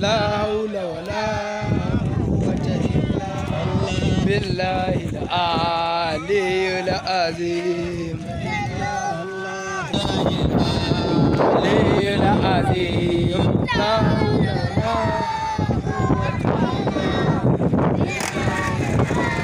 لا حول ولا قوة إلا بالله العلي العظيم العلي العظيم لا حول ولا قوة إلا بالله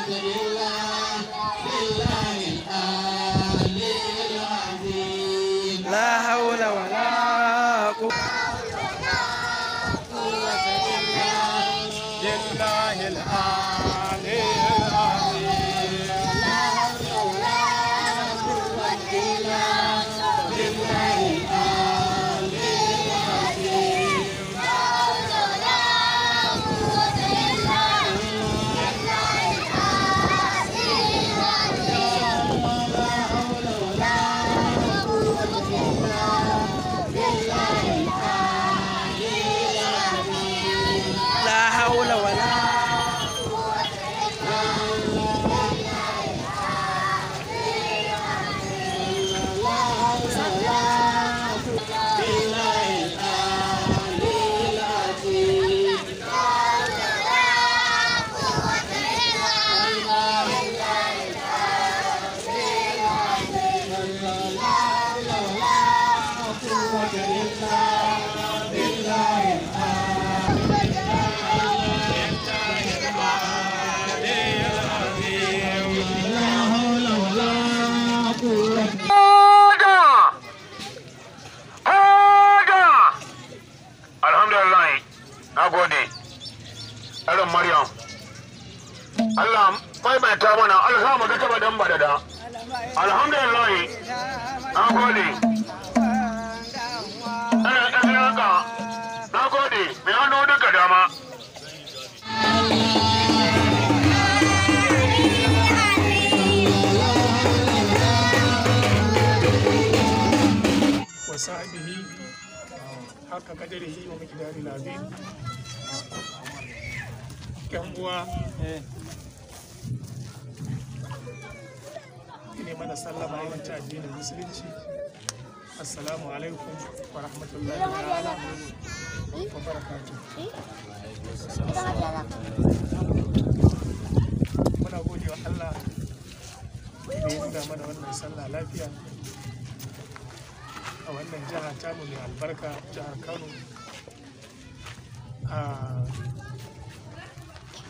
Hare mana alhama ga taba dan badada alhamdulillah na gode eh, eh, na gode mai hannu duka dama وصحبه حق قدره ne mana sallama yawanci addinin musulunci assalamu alaikum wa rahmatullahi wa barakatuh muna gode wa Allah da ya nuna mana wannan sallah lafiya a wannan jiha tamu mai albarka jihar Kano a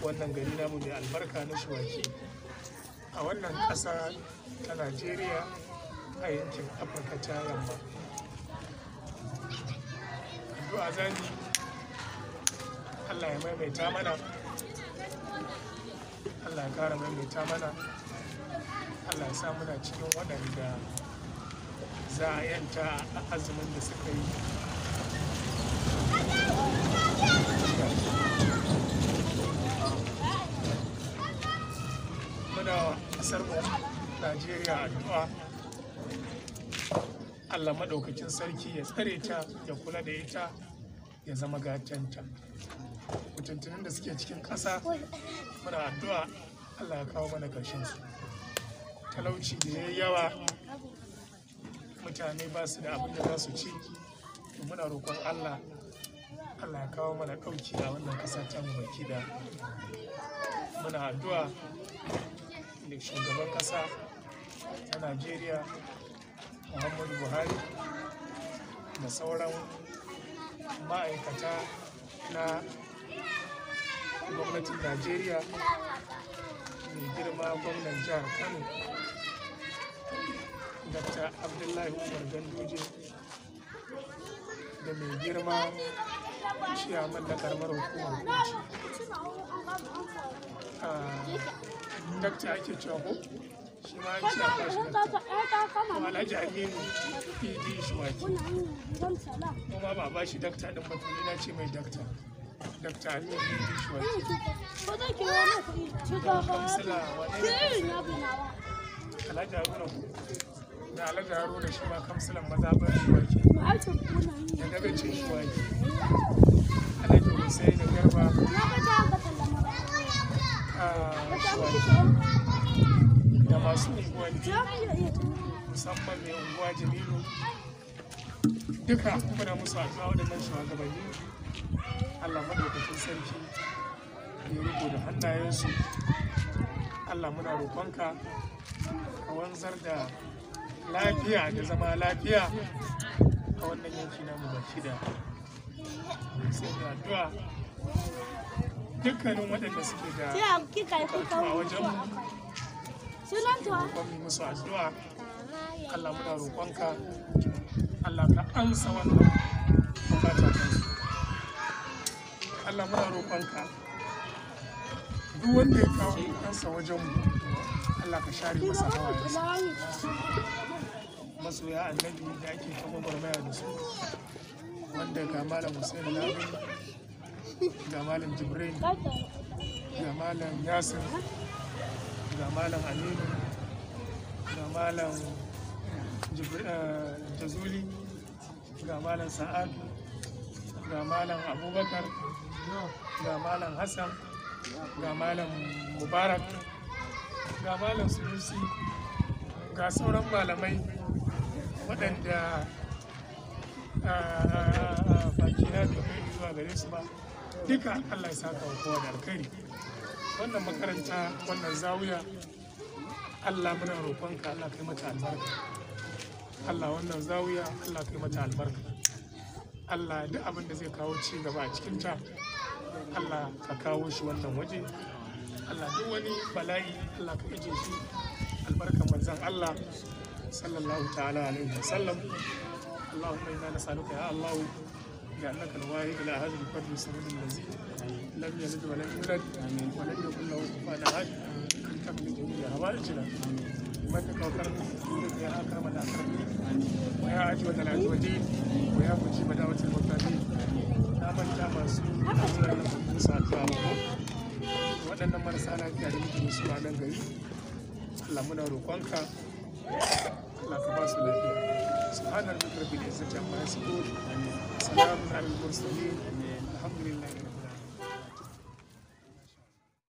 wannan gari namu mai albarka na shuwaki a wannan ƙasa ta najeriya a yankin afirka ta yamma addu'a zani allah ya maimaita mana allah ya ƙara maimaita mana allah ya sa muna cikin waɗanda za a yanta azumin da suka yi kasar mu Najeriya addu'a Allah maɗaukacin sarki ya tsare ta ya kula da ita ya zama gatanta mutuntunan da suke cikin ƙasa muna addu'a Allah ya kawo mana ƙarshen su talauci da ya yawa mutane ba su da abin da za su ci muna roƙon Allah Allah ya kawo mana ɗauki a wannan ƙasa ta mu baki da muna addu'a da shugaban ƙasa ta najeriya muhammadu buhari da sauran ma'aikata na gwamnatin najeriya mai girma gwamnan jihar kano dr abdullahi umar ganduje da mai girma a da karamar hukumar kuci dakta ake cewa ko shi ma ya sha kashi kuma alhaji aminu pd shuwaki kuma ba ba shi dakta din ba kuma ce mai dakta dakta aminu pd shuwaki alhaji haruna da alhaji haruna shi ma kamsilan maza ba shi wake da daga ce shi wake alhaji sai da garba da masu unguwan musamman mai unguwa jamilu duka muna musu addu'a waɗannan shugabanni Allah madaukakin sarki ya riko da hannayensu Allah muna roƙonka a wanzar da lafiya da zama lafiya a wannan yanki namu baki shida, sai da addu'a dukkanin waɗanda suke da a wajen mu mu musu addu'a Allah da roƙonka Allah ka ansa wannan bukata ta su Allah roƙonka duk wanda ya kawo kansa wajenmu. Allah ka share masa hawayensa masoya annabi da ake kama gwarmaya da su wanda ga malam Hussein Labi ga malam Jibrin, ga malam yasir ga malam aminu ga malam eh, jazuli ga malam sa'ad ga malam abubakar ga malam hassan ga malam mubarak ga malam sunusi ga sauran malamai waɗanda eh, eh, bakina bai kai zuwa gare su ba duka Allah ya saka wa kowa da alkhairi wannan makaranta wannan zawiya Allah muna roƙonka Allah kai mata albarka Allah wannan zawiya Allah kai mata albarka Allah duk abin da zai kawo ci gaba a cikin ta Allah ka kawo shi wannan waje Allah duk wani bala'i Allah ka ije shi albarkan manzon Allah sallallahu ta'ala alaihi wasallam Allahumma inna nas'aluka ya الله بحمدك انك الواحد الاحد الفرد الصمد الذي لم يلد ولم يولد ولم يكن له كفوا احد انت من جميع هوائجنا بمنك وكرمك دونك يا اكرم الاكرمين ويا اجود الاجودين ويا مجيب دعوه المضطرين na manta masu lafiyar da sun sakamako waɗannan marasa lafiya da muke su a nan gari Allah muna roƙonka Allah ka ba su lafiya subhanar rabbil izzati amma yasifun amin السلام على المرسلين الحمد لله رب العالمين